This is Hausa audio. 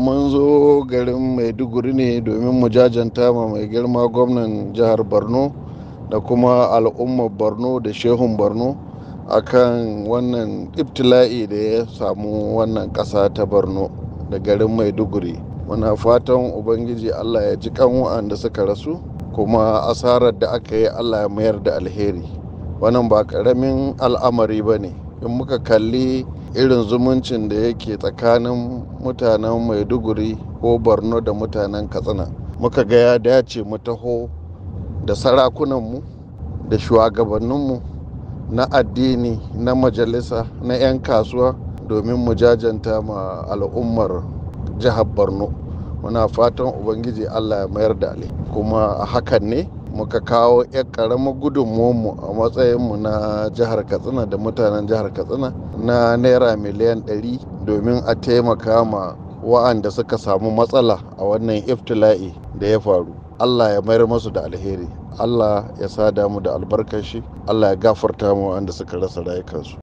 mun zo garin maiduguri ne domin mu jajanta ma mai girma gwamnan jihar borno da kuma al'ummar borno da shehun borno akan wannan ibtila'i da ya samu wannan ƙasa ta borno da garin maiduguri muna fatan ubangiji allah ya ji kan da suka rasu kuma asarar da aka yi allah ya mayar da alheri wannan ba ƙaramin al'amari ba ne in muka kalli irin zumuncin da yake tsakanin mutanen maiduguri ko borno da mutanen katsina muka ga ya dace mu taho da sarakunanmu da shugabanninmu na addini na majalisa na 'yan kasuwa domin mu jajanta ma al'ummar jihar borno muna fatan ubangiji allah ya mayar da kuma a hakan ne muka kawo 'yan karamar gudunmu a matsayinmu na jihar katsina da mutanen jihar katsina na naira miliyan 100 domin a taimaka ma wa'anda suka samu matsala a wannan iftila'i da ya faru allah ya mayar masu da alheri allah ya sada mu da albarkashi allah ya gafarta mu wa'anda suka rasa rayukansu